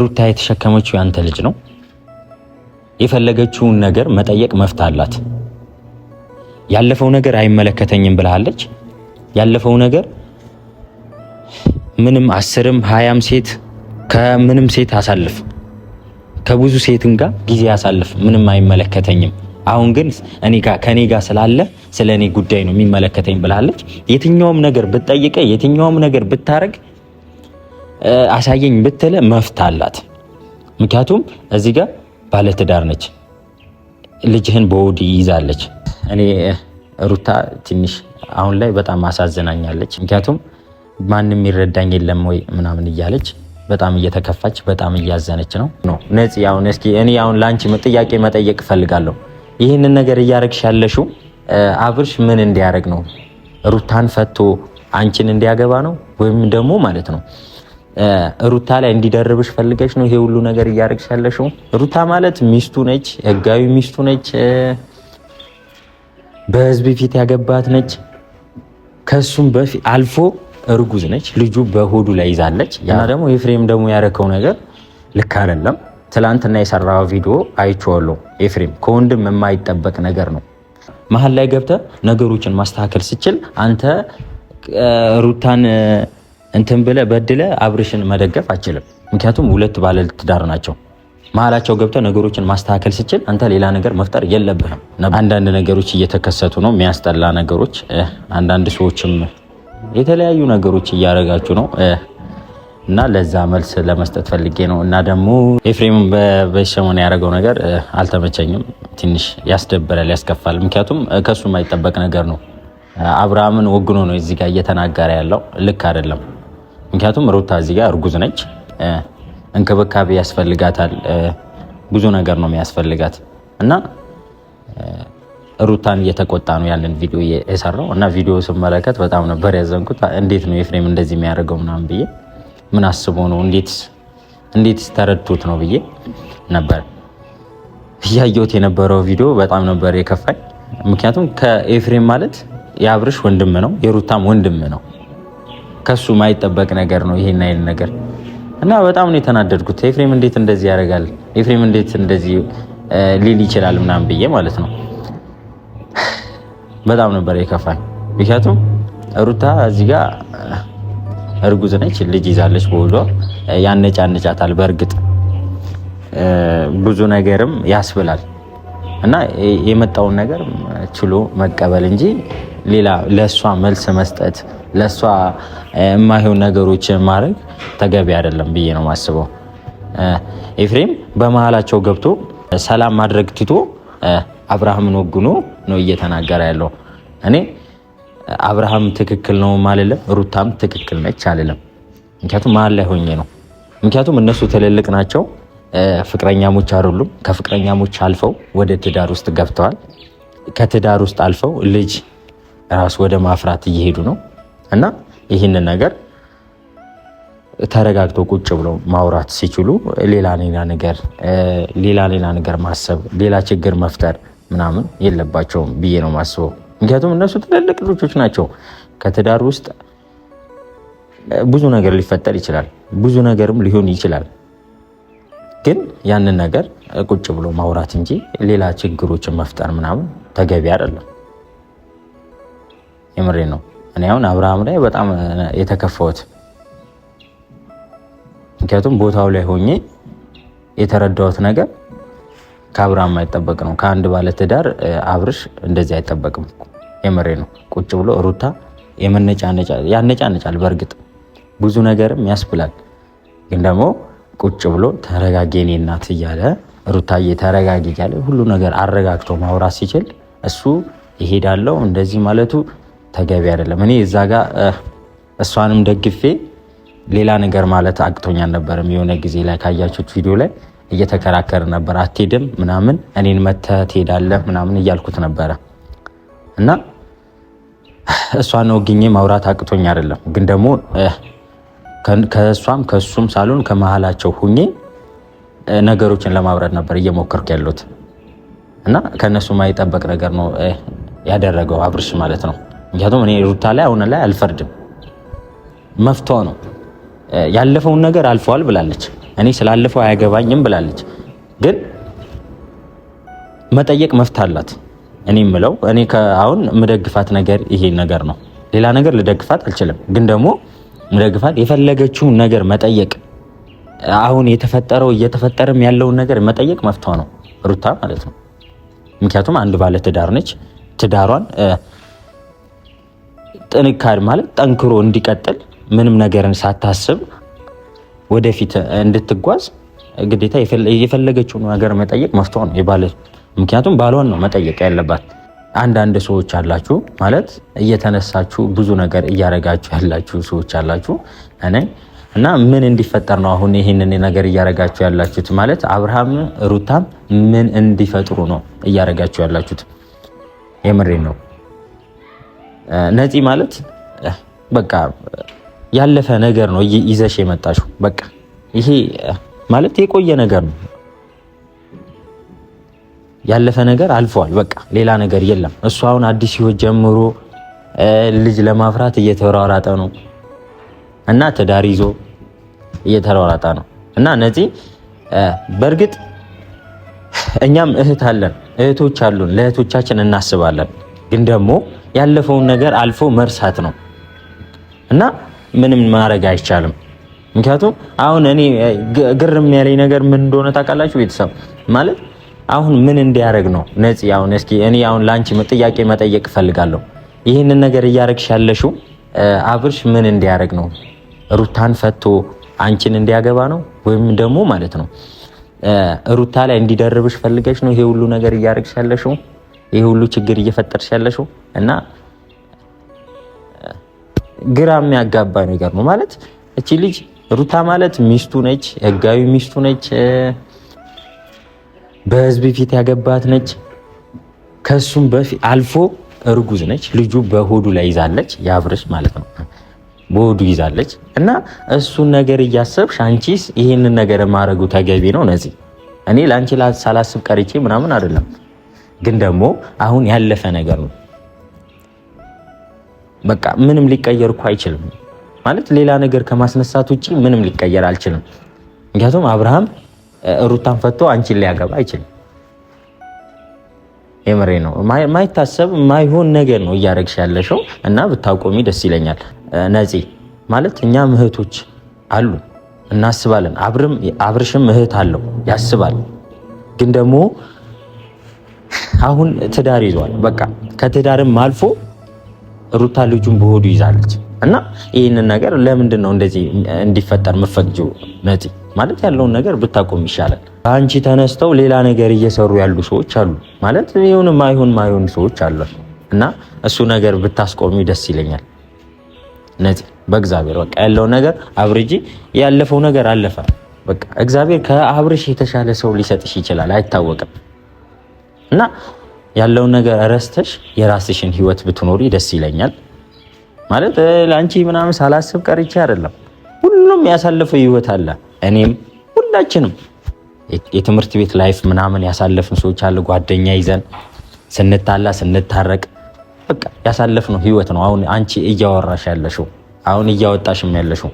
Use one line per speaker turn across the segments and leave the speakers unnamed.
ሩታ የተሸከመችው ያንተ ልጅ ነው። የፈለገችውን ነገር መጠየቅ መፍት አላት። ያለፈው ነገር አይመለከተኝም ብላለች። ያለፈው ነገር ምንም አስርም ሀያም ሴት ከምንም ሴት አሳልፍ ከብዙ ሴትን ጋር ጊዜ አሳልፍ ምንም አይመለከተኝም። አሁን ግን እኔ ጋር ከኔ ጋር ስላለ ስለ እኔ ጉዳይ ነው የሚመለከተኝ ብላለች። የትኛውም ነገር ብትጠይቀ፣ የትኛውም ነገር ብታረግ አሳየኝ ብትለ መፍት አላት። ምክንያቱም እዚህ ጋር ባለትዳር ነች፣ ልጅህን በውድ ይይዛለች። እኔ ሩታ ትንሽ አሁን ላይ በጣም አሳዝናኛለች። ምክንያቱም ማንም ይረዳኝ የለም ወይ ምናምን እያለች በጣም እየተከፋች በጣም እያዘነች ነው ነው ነፂ አሁን እስኪ እኔ አሁን ለአንቺ ጥያቄ መጠየቅ እፈልጋለሁ። ይህንን ነገር እያረግሽ ያለሽው አብርሽ ምን እንዲያደርግ ነው? ሩታን ፈቶ አንቺን እንዲያገባ ነው ወይም ደግሞ ማለት ነው ሩታ ላይ እንዲደርብሽ ፈልገሽ ነው ይሄ ሁሉ ነገር እያደረግሽ ያለሽው? ሩታ ማለት ሚስቱ ነች፣ ህጋዊ ሚስቱ ነች፣ በህዝብ ፊት ያገባት ነች። ከሱም በፊት አልፎ እርጉዝ ነች፣ ልጁ በሆዱ ላይ ይዛለች። እና ደግሞ ኤፍሬም ደግሞ ያደረከው ነገር ልክ አይደለም። ትላንትና የሰራ ቪዲዮ አይቼዋለሁ። ኤፍሬም ከወንድም የማይጠበቅ ነገር ነው። መሀል ላይ ገብተህ ነገሮችን ማስተካከል ስችል አንተ ሩታን እንትን ብለ በድለ አብርሽን መደገፍ አችልም። ምክንያቱም ሁለት ዳር ናቸው። መሀላቸው ገብተ ነገሮችን ማስተካከል ስችል አንተ ሌላ ነገር መፍጠር የለብህም። አንዳንድ ነገሮች እየተከሰቱ ነው፣ የሚያስጠላ ነገሮች። አንዳንድ ሰዎችም የተለያዩ ነገሮች እያደረጋችሁ ነው እና ለዛ መልስ ለመስጠት ፈልጌ ነው። እና ደግሞ ኤፍሬም በሰሞኑ ያደረገው ነገር አልተመቸኝም። ትንሽ ያስደብራል፣ ያስከፋል። ምክንያቱም ከሱ የማይጠበቅ ነገር ነው። አብርሃምን ወግኖ ነው እዚህ ጋር እየተናገረ ያለው ልክ አይደለም። ምክንያቱም ሩታ እዚህ ጋር እርጉዝ ነች፣ እንክብካቤ ያስፈልጋታል። ብዙ ነገር ነው የሚያስፈልጋት እና ሩታን እየተቆጣ ነው ያለን ቪዲዮ የሰራው እና ቪዲዮ ስመለከት በጣም ነበር ያዘንኩት። እንዴት ነው ኤፍሬም እንደዚህ የሚያደርገው ምናምን ብዬ ምን አስቦ ነው እንዴት ተረድቶት ነው ብዬ ነበር እያየሁት የነበረው ቪዲዮ። በጣም ነበር የከፋኝ። ምክንያቱም ከኤፍሬም ማለት የአብርሽ ወንድም ነው የሩታም ወንድም ነው። ከሱ ማይጠበቅ ነገር ነው ይሄን አይል ነገር እና በጣም ነው የተናደድኩት። ኤፍሬም እንዴት እንደዚህ ያደርጋል? ኤፍሬም እንዴት እንደዚህ ሊል ይችላል? ምናምን ብዬ ማለት ነው በጣም ነበር የከፋኝ። ምክንያቱም ሩታ እዚህ ጋር እርጉዝ ነች፣ ልጅ ይዛለች፣ በሆዷ ያነጫነጫታል። በእርግጥ ብዙ ነገርም ያስብላል እና የመጣውን ነገር ችሎ መቀበል እንጂ ሌላ ለእሷ መልስ መስጠት ለእሷ የማይሆን ነገሮችን ማድረግ ተገቢ አይደለም ብዬ ነው የማስበው። ኤፍሬም በመሀላቸው ገብቶ ሰላም ማድረግ ትቶ አብርሃምን ወግኖ ነው እየተናገረ ያለው። እኔ አብርሃም ትክክል ነው አልልም፣ ሩታም ትክክል ነች አልልም። ምክንያቱም መሀል ላይ ሆኜ ነው። ምክንያቱም እነሱ ትልልቅ ናቸው፣ ፍቅረኛሞች አይደሉም። ከፍቅረኛሞች አልፈው ወደ ትዳር ውስጥ ገብተዋል። ከትዳር ውስጥ አልፈው ልጅ ራስ ወደ ማፍራት እየሄዱ ነው እና ይህንን ነገር ተረጋግቶ ቁጭ ብሎ ማውራት ሲችሉ ሌላ ሌላ ነገር ሌላ ሌላ ነገር ማሰብ ሌላ ችግር መፍጠር ምናምን የለባቸውም ብዬ ነው ማስበው። ምክንያቱም እነሱ ትልልቅ ልጆች ናቸው። ከትዳር ውስጥ ብዙ ነገር ሊፈጠር ይችላል፣ ብዙ ነገርም ሊሆን ይችላል። ግን ያንን ነገር ቁጭ ብሎ ማውራት እንጂ ሌላ ችግሮችን መፍጠር ምናምን ተገቢ አይደለም። የምሬ ነው። እኔ አሁን አብርሃም ላይ በጣም የተከፋሁት ምክንያቱም ቦታው ላይ ሆኜ የተረዳሁት ነገር ከአብርሃም አይጠበቅ ነው። ከአንድ ባለትዳር አብርሽ እንደዚህ አይጠበቅም። የምሬ ነው። ቁጭ ብሎ ሩታ ያነጫነጫል። በእርግጥ ብዙ ነገርም ያስብላል። ግን ደግሞ ቁጭ ብሎ ተረጋጌኔናት የኔ እናት እያለ ሩታዬ ተረጋጊ እያለ ሁሉ ነገር አረጋግቶ ማውራት ሲችል እሱ ይሄዳለው እንደዚህ ማለቱ ተገቢ አይደለም። እኔ እዛ ጋ እሷንም ደግፌ ሌላ ነገር ማለት አቅቶኛ አልነበረም። የሆነ ጊዜ ላይ ካያችሁት ቪዲዮ ላይ እየተከራከር ነበር። አትሄድም ምናምን እኔን መተህ ትሄዳለህ ምናምን እያልኩት ነበረ እና እሷን ወግኜ ማውራት አቅቶኝ አይደለም፣ ግን ደግሞ ከእሷም ከሱም ሳልሆን ከመሀላቸው ሁኜ ነገሮችን ለማብረድ ነበር እየሞከርኩ ያሉት እና ከእነሱ ማይጠበቅ ነገር ነው ያደረገው አብርሽ ማለት ነው። ምክንያቱም እኔ ሩታ ላይ አሁን ላይ አልፈርድም። መፍቷ ነው ያለፈውን ነገር አልፈዋል ብላለች። እኔ ስላለፈው አያገባኝም ብላለች። ግን መጠየቅ መፍት አላት። እኔ የምለው እኔ አሁን የምደግፋት ነገር ይሄ ነገር ነው። ሌላ ነገር ልደግፋት አልችልም። ግን ደግሞ ምደግፋት የፈለገችውን ነገር መጠየቅ አሁን የተፈጠረው እየተፈጠረም ያለውን ነገር መጠየቅ መፍቷ ነው ሩታ ማለት ነው። ምክንያቱም አንድ ባለ ትዳር ነች ትዳሯን ጥንካሬ ማለት ጠንክሮ እንዲቀጥል ምንም ነገርን ሳታስብ ወደፊት እንድትጓዝ ግዴታ የፈለገችውን ነገር መጠየቅ መፍትሄ ነው የባለ ምክንያቱም ባሏን ነው መጠየቅ ያለባት። አንዳንድ ሰዎች አላችሁ ማለት እየተነሳችሁ ብዙ ነገር እያረጋችሁ ያላችሁ ሰዎች አላችሁ እኔ እና ምን እንዲፈጠር ነው አሁን ይህንን ነገር እያረጋችሁ ያላችሁት? ማለት አብርሃም ሩታም ምን እንዲፈጥሩ ነው እያረጋችሁ ያላችሁት? የምሬ ነው። ነፂ ማለት በቃ ያለፈ ነገር ነው ይዘሽ የመጣሽው። በቃ ይሄ ማለት የቆየ ነገር ነው ያለፈ ነገር አልፏል። በቃ ሌላ ነገር የለም። እሱ አሁን አዲስ ሕይወት ጀምሮ ልጅ ለማፍራት እየተሯራጠ ነው እና ትዳር ይዞ እየተሯራጠ ነው እና ነፂ በእርግጥ እኛም እህት አለን፣ እህቶች አሉን፣ ለእህቶቻችን እናስባለን። ግን ደግሞ ያለፈውን ነገር አልፎ መርሳት ነው እና ምንም ማድረግ አይቻልም። ምክንያቱም አሁን እኔ ግርም ያለኝ ነገር ምን እንደሆነ ታውቃላችሁ? ቤተሰብ ማለት አሁን ምን እንዲያደርግ ነው ነፂ? አሁን እስኪ እኔ አሁን ለአንቺ ጥያቄ መጠየቅ እፈልጋለሁ። ይህንን ነገር እያደረግሽ ያለሽው አብርሽ ምን እንዲያደርግ ነው? ሩታን ፈቶ አንቺን እንዲያገባ ነው ወይም ደግሞ ማለት ነው ሩታ ላይ እንዲደርብሽ ፈልገሽ ነው ይሄ ሁሉ ነገር እያደረግሽ ያለሽው? ይህ ሁሉ ችግር እየፈጠርሽ ያለሽው እና ግራ የሚያጋባ ነገር ነው። ማለት እቺ ልጅ ሩታ ማለት ሚስቱ ነች፣ ህጋዊ ሚስቱ ነች፣ በህዝብ ፊት ያገባት ነች። ከሱም በፊት አልፎ እርጉዝ ነች። ልጁ በሆዱ ላይ ይዛለች፣ የአብርሽ ማለት ነው በሆዱ ይዛለች። እና እሱን ነገር እያሰብሽ አንቺስ ይህንን ነገር ማድረጉ ተገቢ ነው ነፂ? እኔ ለአንቺ ሳላስብ ቀርቼ ምናምን አይደለም ግን ደግሞ አሁን ያለፈ ነገር ነው። በቃ ምንም ሊቀየር እኮ አይችልም ማለት ሌላ ነገር ከማስነሳት ውጭ ምንም ሊቀየር አልችልም። ምክንያቱም አብርሃም ሩታን ፈቶ አንቺን ሊያገባ አይችልም። የምሬ ነው። ማይታሰብ ማይሆን ነገር ነው እያደረግሽ ያለሽው እና ብታቆሚ ደስ ይለኛል። ነፂ ማለት እኛም እህቶች አሉ እናስባለን። አብርሽም እህት አለው ያስባል ግን ደግሞ አሁን ትዳር ይዟል። በቃ ከትዳርም አልፎ ሩታ ልጁን በሆዱ ይዛለች እና ይህንን ነገር ለምንድን ነው እንደዚህ እንዲፈጠር መፈግጆ ነቲ ማለት ያለውን ነገር ብታቆም ይሻላል። በአንቺ ተነስተው ሌላ ነገር እየሰሩ ያሉ ሰዎች አሉ ማለት ይሁን ማይሆን ማይሆን ሰዎች አሉ እና እሱ ነገር ብታስቆሚ ደስ ይለኛል። ነቲ በእግዚአብሔር በቃ ያለውን ነገር አብርጂ። ያለፈው ነገር አለፈ በቃ እግዚአብሔር ከአብርሽ የተሻለ ሰው ሊሰጥሽ ይችላል፣ አይታወቅም። እና ያለውን ነገር ረስተሽ የራስሽን ህይወት ብትኖሪ ደስ ይለኛል። ማለት ለአንቺ ምናምን ሳላስብ ቀርቼ አይደለም። ሁሉም ያሳለፈው ህይወት አለ። እኔም ሁላችንም የትምህርት ቤት ላይፍ ምናምን ያሳለፍን ሰዎች አለ። ጓደኛ ይዘን ስንታላ ስንታረቅ በቃ ያሳለፍነው ህይወት ነው። አሁን አንቺ እያወራሽ ያለሽው አሁን እያወጣሽም ያለሽው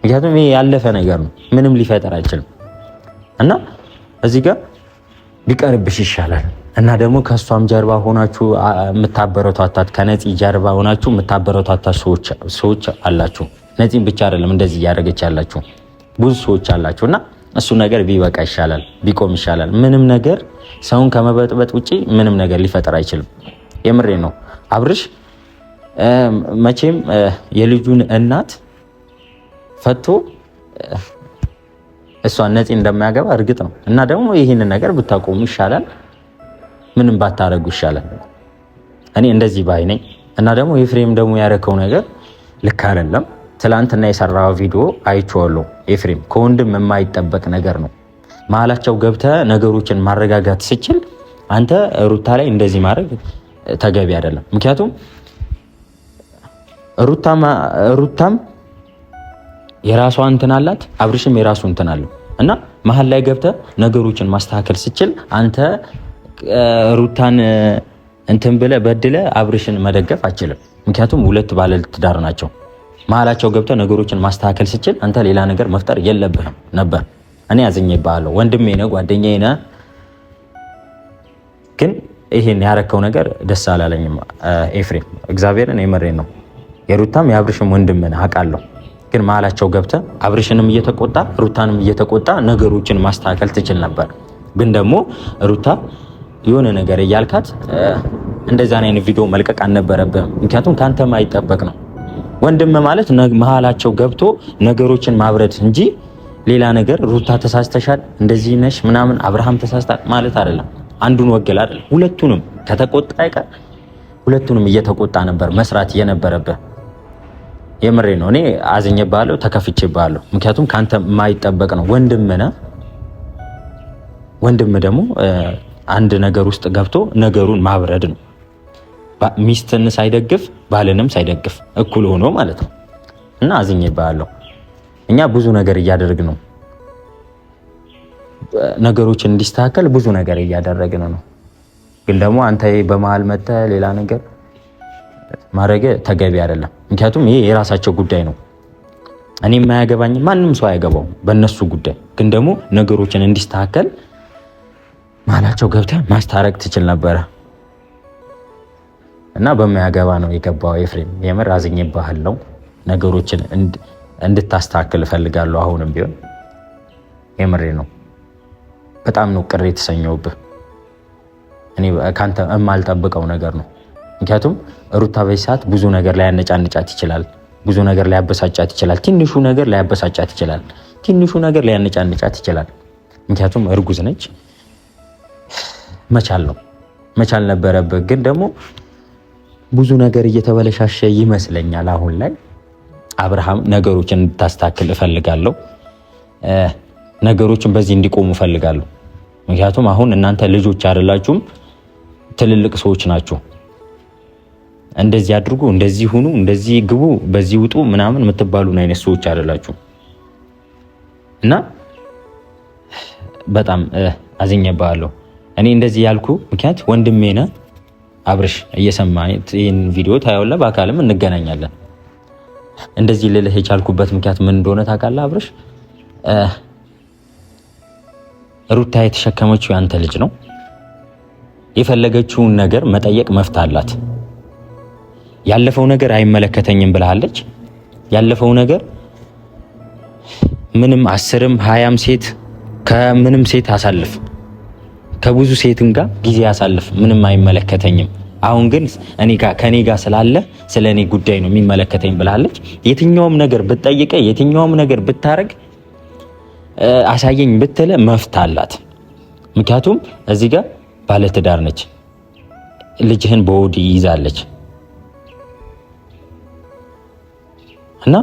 ምክንያቱም ይሄ ያለፈ ነገር ነው። ምንም ሊፈጠር አይችልም እና እዚህ ጋር ቢቀርብሽ ይሻላል እና ደግሞ ከእሷም ጀርባ ሆናችሁ የምታበረቷታት ከነፂ ጀርባ ሆናችሁ የምታበረቷታት ሰዎች አላችሁ። ነፂን ብቻ አይደለም እንደዚህ እያደረገች ያላችሁ ብዙ ሰዎች አላችሁ እና እሱ ነገር ቢበቃ ይሻላል፣ ቢቆም ይሻላል። ምንም ነገር ሰውን ከመበጥበጥ ውጭ ምንም ነገር ሊፈጠር አይችልም። የምሬ ነው። አብርሽ መቼም የልጁን እናት ፈቶ እሷን ነፂ እንደማያገባ እርግጥ ነው። እና ደግሞ ይህንን ነገር ብታቆሙ ይሻላል፣ ምንም ባታረጉ ይሻላል። እኔ እንደዚህ ባይ ነኝ። እና ደግሞ ኤፍሬም ደግሞ ያደረከው ነገር ልክ አይደለም። ትላንትና የሰራው ቪዲዮ አይቼዋለሁ። ኤፍሬም ከወንድም የማይጠበቅ ነገር ነው። መሀላቸው ገብተህ ነገሮችን ማረጋጋት ስችል አንተ ሩታ ላይ እንደዚህ ማድረግ ተገቢ አይደለም። ምክንያቱም ሩታም የራሷ እንትን አላት፣ አብርሽም የራሱ እንትን አለው እና መሀል ላይ ገብተ ነገሮችን ማስተካከል ስችል አንተ ሩታን እንትን ብለ በድለ አብርሽን መደገፍ አችልም። ምክንያቱም ሁለት ባለትዳር ናቸው። መሀላቸው ገብተ ነገሮችን ማስተካከል ስችል አንተ ሌላ ነገር መፍጠር የለብህም ነበር። እኔ ያዝኜብሃለሁ። ወንድሜ ነህ፣ ጓደኛዬ ነህ። ግን ይህን ያረከው ነገር ደስ አላለኝም ኤፍሬም። እግዚአብሔርን የመሬን ነው። የሩታም የአብርሽም ወንድም ነህ አውቃለሁ። ግን መሀላቸው ገብተ አብርሽንም እየተቆጣ ሩታንም እየተቆጣ ነገሮችን ማስተካከል ትችል ነበር። ግን ደግሞ ሩታ የሆነ ነገር እያልካት እንደዛ አይነት ቪዲዮ መልቀቅ አልነበረብም። ምክንያቱም ከአንተ ማይጠበቅ ነው ወንድም ማለት መሀላቸው ገብቶ ነገሮችን ማብረት እንጂ ሌላ ነገር ሩታ ተሳስተሻል፣ እንደዚህ ነሽ ምናምን፣ አብርሃም ተሳስታል ማለት አይደለም። አንዱን ወገል አይደለም፣ ሁለቱንም ከተቆጣ ይቀር ሁለቱንም እየተቆጣ ነበር መስራት የነበረብህ። የምሬ ነው። እኔ አዝኜብሃለሁ፣ ተከፍቼብሃለሁ። ምክንያቱም ከአንተ የማይጠበቅ ነው። ወንድም ነህ። ወንድም ደግሞ አንድ ነገር ውስጥ ገብቶ ነገሩን ማብረድ ነው። ሚስትን ሳይደግፍ ባልንም ሳይደግፍ እኩል ሆኖ ማለት ነው። እና አዝኜብሃለሁ። እኛ ብዙ ነገር እያደረግን ነው። ነገሮች እንዲስተካከል ብዙ ነገር እያደረግን ነው። ግን ደግሞ አንተ በመሀል መተ ሌላ ነገር ማድረግ ተገቢ አይደለም። ምክንያቱም ይሄ የራሳቸው ጉዳይ ነው። እኔ የማያገባኝ ማንም ሰው አይገባው በእነሱ ጉዳይ። ግን ደግሞ ነገሮችን እንዲስተካከል ማላቸው ገብተ ማስታረቅ ትችል ነበረ እና በማያገባ ነው የገባው። ኤፍሬም የምር አዝኝ ባህል ነው። ነገሮችን እንድታስተካክል እፈልጋለሁ። አሁንም ቢሆን የምሬ ነው። በጣም ነው ቅር የተሰኘውብህ። እኔ ከአንተ የማልጠብቀው ነገር ነው። ምክንያቱም ሩታ በዚህ ሰዓት ብዙ ነገር ላይ ያነጫንጫት ይችላል፣ ብዙ ነገር ላይ ያበሳጫት ይችላል፣ ትንሹ ነገር ላይ ያበሳጫት ይችላል፣ ትንሹ ነገር ላይ ያነጫንጫት ይችላል። ምክንያቱም እርጉዝ ነች። መቻል ነው መቻል ነበረበት። ግን ደግሞ ብዙ ነገር እየተበለሻሸ ይመስለኛል አሁን ላይ። አብርሃም ነገሮችን እንድታስታክል እፈልጋለሁ። ነገሮችን በዚህ እንዲቆሙ እፈልጋለሁ። ምክንያቱም አሁን እናንተ ልጆች አይደላችሁም፣ ትልልቅ ሰዎች ናችሁ። እንደዚህ አድርጉ፣ እንደዚህ ሁኑ፣ እንደዚህ ግቡ፣ በዚህ ውጡ ምናምን የምትባሉን አይነት ሰዎች አይደላችሁ እና በጣም አዝኜብሃለሁ። እኔ እንደዚህ ያልኩ ምክንያት ወንድሜ ነህ አብርሽ፣ እየሰማ ይህን ቪዲዮ ታየዋለህ፣ በአካልም እንገናኛለን። እንደዚህ ልልህ የቻልኩበት ምክንያት ምን እንደሆነ ታውቃለህ አብርሽ? ሩታ የተሸከመችው ያንተ ልጅ ነው። የፈለገችውን ነገር መጠየቅ መፍት አላት። ያለፈው ነገር አይመለከተኝም ብላለች። ያለፈው ነገር ምንም አስርም ሀያም ሴት ከምንም ሴት አሳልፍ ከብዙ ሴትም ጋር ጊዜ አሳልፍ ምንም አይመለከተኝም። አሁን ግን እኔ ጋር ከኔ ጋር ስላለ ስለ እኔ ጉዳይ ነው የሚመለከተኝ ብላለች። የትኛውም ነገር ብትጠይቀ የትኛውም ነገር ብታረግ አሳየኝ ብትለ መፍት አላት። ምክንያቱም እዚህ ጋር ባለትዳር ነች፣ ልጅህን በወድ ይይዛለች። እና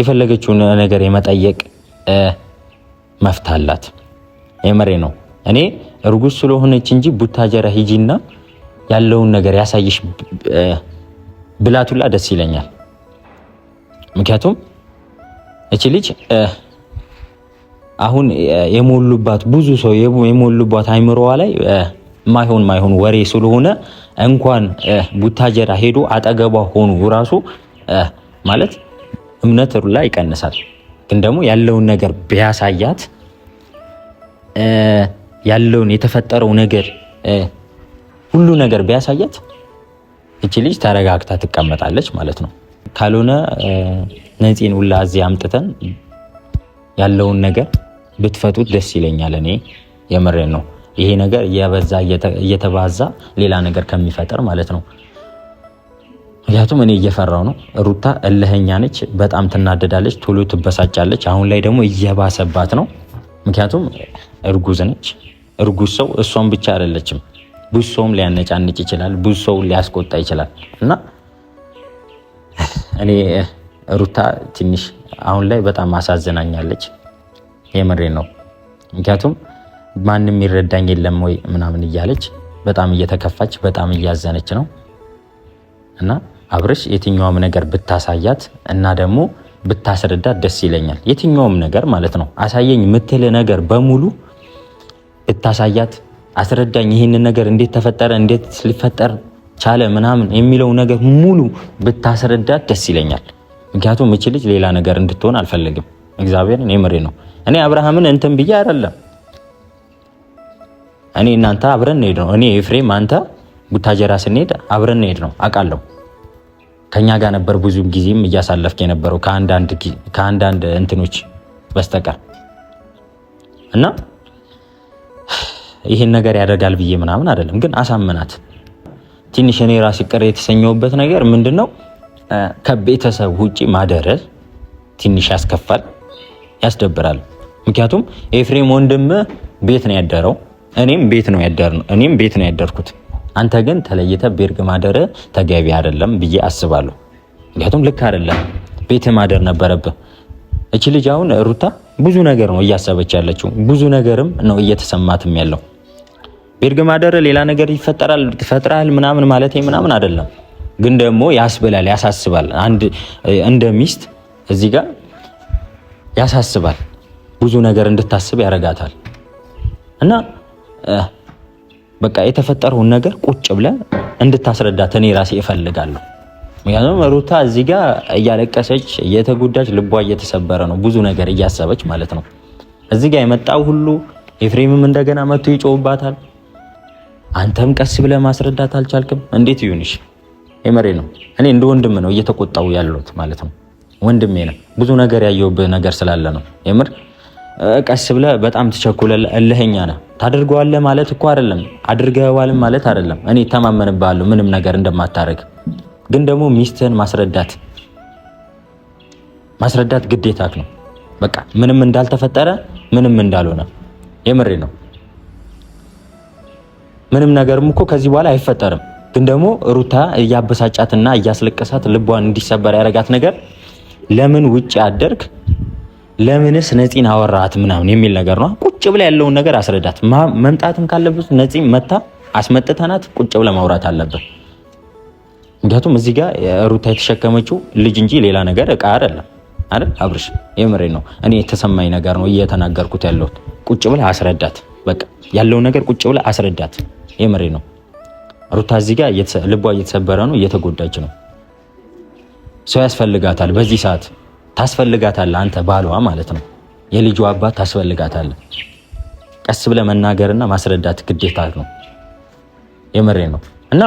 የፈለገችውን ነገር የመጠየቅ መፍት አላት። የመሬ ነው። እኔ እርጉዝ ስለሆነች እንጂ ቡታጀራ ሂጂና ያለውን ነገር ያሳይሽ ብላቱላ ደስ ይለኛል። ምክንያቱም እች ልጅ አሁን የሞሉባት ብዙ ሰው የሞሉባት አይምሮዋ ላይ ማይሆን ማይሆን ወሬ ስለሆነ እንኳን ቡታጀራ ሄዶ አጠገቧ ሆኑ ራሱ ማለት እምነት ሩላ ይቀንሳል። ግን ደግሞ ያለውን ነገር ቢያሳያት ያለውን የተፈጠረው ነገር ሁሉ ነገር ቢያሳያት እቺ ልጅ ተረጋግታ ትቀመጣለች ማለት ነው። ካልሆነ ነፂን ውላ እዚህ አምጥተን ያለውን ነገር ብትፈቱት ደስ ይለኛል። እኔ የምሬን ነው። ይሄ ነገር እየበዛ እየተባዛ ሌላ ነገር ከሚፈጠር ማለት ነው ምክንያቱም እኔ እየፈራው ነው። ሩታ እልህኛ ነች፣ በጣም ትናደዳለች፣ ቶሎ ትበሳጫለች። አሁን ላይ ደግሞ እየባሰባት ነው። ምክንያቱም እርጉዝ ነች። እርጉዝ ሰው እሷን ብቻ አይደለችም፣ ብዙ ሰውም ሊያነጫንጭ ይችላል፣ ብዙ ሰው ሊያስቆጣ ይችላል። እና እኔ ሩታ ትንሽ አሁን ላይ በጣም አሳዝናኛለች። የምሬ ነው። ምክንያቱም ማንም ይረዳኝ የለም ወይ ምናምን እያለች በጣም እየተከፋች በጣም እያዘነች ነው። እና አብርሽ የትኛውም ነገር ብታሳያት እና ደግሞ ብታስረዳት ደስ ይለኛል። የትኛውም ነገር ማለት ነው አሳየኝ የምትል ነገር በሙሉ ብታሳያት፣ አስረዳኝ፣ ይህንን ነገር እንዴት ተፈጠረ፣ እንዴት ሊፈጠር ቻለ ምናምን የሚለው ነገር ሙሉ ብታስረዳት ደስ ይለኛል። ምክንያቱም እች ልጅ ሌላ ነገር እንድትሆን አልፈልግም። እግዚአብሔር ምሬ ነው። እኔ አብርሃምን እንትን ብዬ አይደለም። እኔ እናንተ አብረን ሄድ ነው እኔ ኤፍሬም አንተ ቡታጀራ ስንሄድ አብረን እንሄድ ነው አውቃለሁ። ከኛ ጋር ነበር ብዙ ጊዜም እያሳለፍክ የነበረው ከአንዳንድ እንትኖች በስተቀር እና ይህን ነገር ያደርጋል ብዬ ምናምን አይደለም፣ ግን አሳምናት። ትንሽ እኔ ራሴ ቅር የተሰኘሁበት ነገር ምንድን ነው፣ ከቤተሰብ ውጭ ማደረ ትንሽ ያስከፋል፣ ያስደብራል። ምክንያቱም ኤፍሬም ወንድም ቤት ነው ያደረው፣ እኔም ቤት ነው ያደር እኔም ቤት ነው ያደርኩት አንተ ግን ተለይተ ቤርግ ማደር ተገቢ አይደለም ብዬ አስባለሁ። ምክንያቱም ልክ አይደለም፣ ቤት ማደር ነበረብህ። እቺ ልጅ አሁን ሩታ ብዙ ነገር ነው እያሰበች ያለችው፣ ብዙ ነገርም ነው እየተሰማትም ያለው። ቤርግ ማደር ሌላ ነገር ይፈጠራል ፈጥራል ምናምን ማለት ምናምን አይደለም፣ ግን ደግሞ ያስብላል፣ ያሳስባል። አንድ እንደ ሚስት እዚህ ጋር ያሳስባል፣ ብዙ ነገር እንድታስብ ያረጋታል እና በቃ የተፈጠረውን ነገር ቁጭ ብለ እንድታስረዳት እኔ ራሴ እፈልጋለሁ። ምክንያቱም ሩታ እዚህ ጋር እያለቀሰች እየተጎዳች ልቧ እየተሰበረ ነው፣ ብዙ ነገር እያሰበች ማለት ነው። እዚህ ጋር የመጣው ሁሉ ኤፍሬምም እንደገና መጥቶ ይጮውባታል። አንተም ቀስ ብለ ማስረዳት አልቻልክም። እንዴት ይሁንሽ? የመሬ ነው። እኔ እንደ ወንድም ነው እየተቆጣው ያለሁት ማለት ነው። ወንድሜ ነው ብዙ ነገር ያየውብህ ነገር ስላለ ነው የምር ቀስ ብለ በጣም ትቸኩለ እልኸኛ ነ ታደርገዋለ ማለት እኮ አይደለም አድርገዋልም ማለት አይደለም። እኔ እተማመንብሃለሁ ምንም ነገር እንደማታደርግ፣ ግን ደግሞ ሚስትህን ማስረዳት ማስረዳት ግዴታክ ነው። በቃ ምንም እንዳልተፈጠረ ምንም እንዳልሆነ የምሬ ነው። ምንም ነገርም እኮ ከዚህ በኋላ አይፈጠርም። ግን ደግሞ ሩታ እያበሳጫትና እያስለቀሳት ልቧን እንዲሰበር ያደረጋት ነገር ለምን ውጭ አደርግ ለምንስ ነፂን አወራት ምናምን የሚል ነገር ነው። ቁጭ ብላ ያለውን ነገር አስረዳት። መምጣትም ካለበት ነፂ መታ አስመጥተናት ቁጭ ብለ ማውራት አለብን። ምክንያቱም እዚህ ጋር ሩታ የተሸከመችው ልጅ እንጂ ሌላ ነገር እቃ አይደለም አይደል? አብርሽ የምሬ ነው። እኔ የተሰማኝ ነገር ነው እየተናገርኩት ያለሁት። ቁጭ ብለ አስረዳት። በቃ ያለውን ነገር ቁጭ ብለ አስረዳት። የምሬ ነው። ሩታ እዚህ ጋር ልቧ እየተሰበረ ነው፣ እየተጎዳች ነው። ሰው ያስፈልጋታል በዚህ ሰዓት ታስፈልጋታለ አንተ ባሏ ማለት ነው፣ የልጁ አባት ታስፈልጋታለ ቀስ ብለ መናገርና ማስረዳት ግዴታ ነው። የምሬ ነው። እና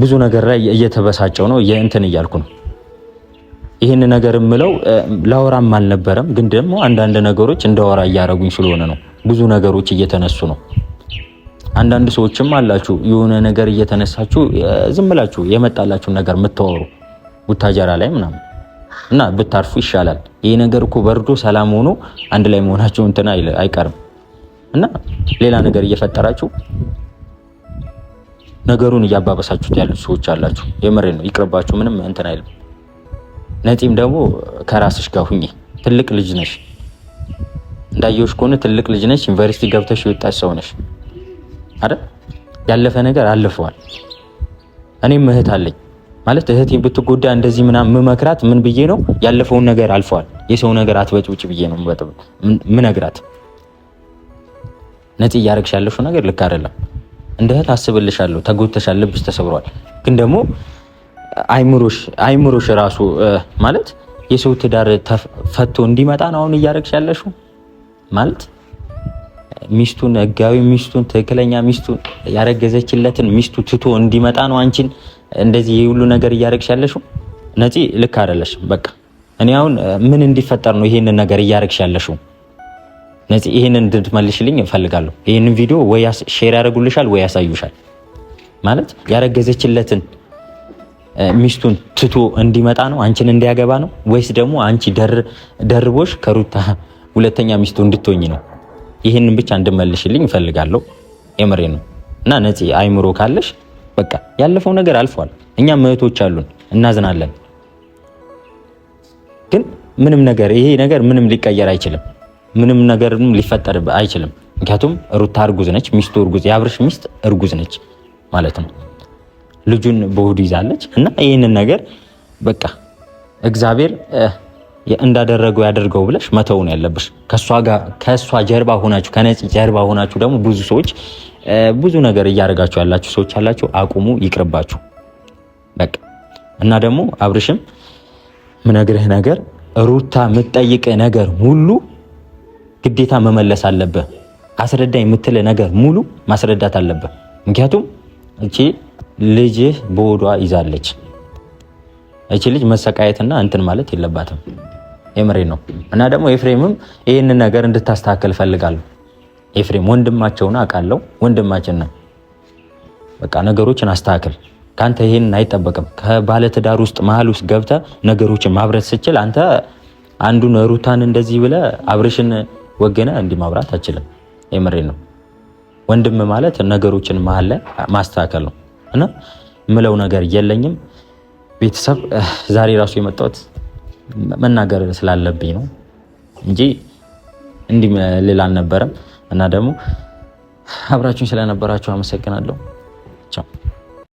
ብዙ ነገር ላይ እየተበሳጨው ነው እንትን እያልኩ ነው። ይህን ነገር የምለው ላወራም አልነበረም፣ ግን ደግሞ አንዳንድ ነገሮች እንዳወራ እያረጉኝ ስለሆነ ነው። ብዙ ነገሮች እየተነሱ ነው። አንዳንድ ሰዎችም አላችሁ የሆነ ነገር እየተነሳችሁ ዝም ብላችሁ የመጣላችሁን ነገር የምታወሩ ቡታጀራ ላይ ምናምን እና ብታርፉ ይሻላል። ይህ ነገር እኮ በርዶ ሰላም ሆኖ አንድ ላይ መሆናቸው እንትን አይቀርም እና ሌላ ነገር እየፈጠራችሁ ነገሩን እያባበሳችሁት ያሉ ሰዎች አላችሁ። የምሬ ነው፣ ይቅርባችሁ። ምንም እንትን አይልም። ነጢም ደግሞ ከራስሽ ጋር ሁኚ። ትልቅ ልጅ ነሽ፣ እንዳየሁሽ ከሆነ ትልቅ ልጅ ነሽ። ዩኒቨርሲቲ ገብተሽ የወጣሽ ሰው ነሽ አይደል? ያለፈ ነገር አልፈዋል። እኔም እህት አለኝ ማለት እህቴ ብትጎዳ እንደዚህ ምናምን ምመክራት ምን ብዬ ነው ያለፈውን ነገር አልፈዋል፣ የሰው ነገር አትበጭብጭ ብዬ ነው ምነግራት። ነፂ እያደረግሽ ያለሽው ነገር ልክ አይደለም። እንደ እህት አስብልሻለሁ። ተጎድተሻል፣ ልብሽ ተሰብሯል። ግን ደግሞ አይምሮሽ አይምሮሽ ራሱ ማለት የሰው ትዳር ፈቶ እንዲመጣ ነው አሁን እያደረግሽ ያለሽው ማለት ሚስቱን ህጋዊ ሚስቱን ትክክለኛ ሚስቱን ያረገዘችለትን ሚስቱ ትቶ እንዲመጣ ነው አንቺን እንደዚህ ሁሉ ነገር እያደረግሽ ያለሽው ነፂ፣ ልክ አይደለሽም። በቃ እኔ አሁን ምን እንዲፈጠር ነው ይሄንን ነገር እያደረግሽ ያለሽው? ነፂ፣ ይሄንን እንድትመልሽልኝ እፈልጋለሁ። ይሄንን ቪዲዮ ወይ ሼር ያደርጉልሻል ወይ ያሳዩሻል። ማለት ያረገዘችለትን ሚስቱን ትቶ እንዲመጣ ነው አንቺን እንዲያገባ ነው ወይስ ደግሞ አንቺ ደርቦሽ ከሩታ ሁለተኛ ሚስቱ እንድትሆኝ ነው? ይህንን ብቻ እንድመልሽልኝ እፈልጋለሁ። የምሬ ነው እና ነፂ አይምሮ ካለሽ በቃ ያለፈው ነገር አልፏል። እኛም እህቶች አሉን፣ እናዝናለን። ግን ምንም ነገር ይሄ ነገር ምንም ሊቀየር አይችልም። ምንም ነገርም ሊፈጠር አይችልም። ምክንያቱም ሩታ እርጉዝ ነች፣ ሚስቱ እርጉዝ፣ የአብርሽ ሚስት እርጉዝ ነች ማለት ነው። ልጁን በሆዱ ይዛለች እና ይህንን ነገር በቃ እግዚአብሔር እንዳደረገው ያደርገው ብለሽ ነው ያለብሽ። ከእሷ ጀርባ ሆናችሁ ከነፂ ጀርባ ሆናችሁ ደግሞ ብዙ ሰዎች ብዙ ነገር እያደረጋችሁ ያላችሁ ሰዎች አላችሁ። አቁሙ፣ ይቅርባችሁ በቃ። እና ደግሞ አብርሽም ምነግርህ ነገር ሩታ የምትጠይቅ ነገር ሙሉ ግዴታ መመለስ አለብህ። አስረዳኝ የምትል ነገር ሙሉ ማስረዳት አለብህ። ምክንያቱም እቺ ልጅህ በወዷ ይዛለች። እቺ ልጅ መሰቃየትና እንትን ማለት የለባትም። የምሬ ነው። እና ደግሞ ኤፍሬምም ይህንን ነገር እንድታስተካከል እፈልጋለሁ። ኤፍሬም ወንድማቸውን አውቃለሁ፣ ወንድማችን ነው። በቃ ነገሮችን አስተካክል። ከአንተ ይህንን አይጠበቅም። ከባለትዳር ውስጥ መሀል ውስጥ ገብተ ነገሮችን ማብረት ስችል አንተ አንዱን ሩታን እንደዚህ ብለ አብርሽን ወገነ እንዲህ ማብራት አችልም። የምሬ ነው። ወንድም ማለት ነገሮችን መሀል ላይ ማስተካከል ነው እና ምለው ነገር የለኝም። ቤተሰብ ዛሬ ራሱ የመጣሁት መናገር ስላለብኝ ነው እንጂ እንዲህ ልል አልነበረም። እና ደግሞ አብራችሁን ስለነበራችሁ አመሰግናለሁ። ቻው